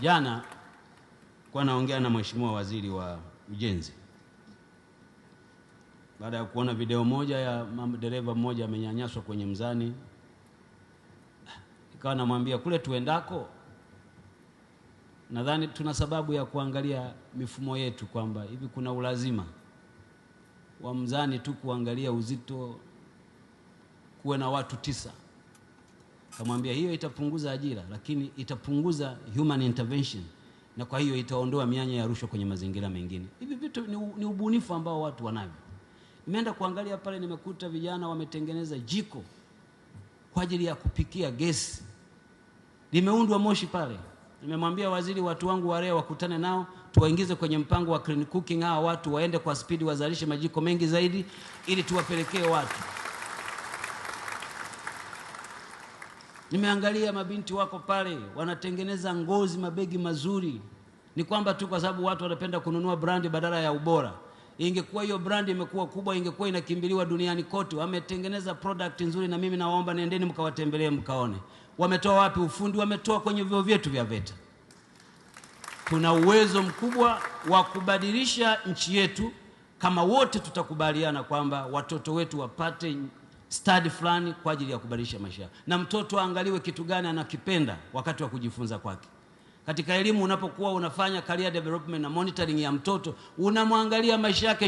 Jana kwa naongea na mheshimiwa waziri wa ujenzi baada ya kuona video moja ya dereva mmoja amenyanyaswa kwenye mzani, nikawa namwambia kule tuendako, nadhani tuna sababu ya kuangalia mifumo yetu kwamba hivi kuna ulazima wa mzani tu kuangalia uzito kuwe na watu tisa. Kamwambia hiyo itapunguza ajira, lakini itapunguza human intervention, na kwa hiyo itaondoa mianya ya rushwa kwenye mazingira mengine. Hivi vitu ni, ni ubunifu ambao watu wanavyo. Nimeenda kuangalia pale, nimekuta vijana wametengeneza jiko kwa ajili ya kupikia gesi, limeundwa moshi pale. Nimemwambia waziri, watu wangu wale wakutane nao tuwaingize kwenye mpango wa clean cooking. Hawa watu waende kwa spidi, wazalishe majiko mengi zaidi, ili tuwapelekee watu Nimeangalia mabinti wako pale wanatengeneza ngozi, mabegi mazuri. Ni kwamba tu kwa sababu watu wanapenda kununua brandi badala ya ubora. Ingekuwa hiyo brandi imekuwa kubwa, ingekuwa inakimbiliwa duniani kote. Wametengeneza product nzuri, na mimi nawaomba nendeni mkawatembelee, mkaone wametoa wapi ufundi. Wametoa kwenye vyuo vyetu vya VETA. Tuna uwezo mkubwa wa kubadilisha nchi yetu kama wote tutakubaliana kwamba watoto wetu wapate stadi fulani kwa ajili ya kubadilisha maisha yao, na mtoto aangaliwe kitu gani anakipenda wakati wa kujifunza kwake. Katika elimu, unapokuwa unafanya career development na monitoring ya mtoto, unamwangalia maisha yake.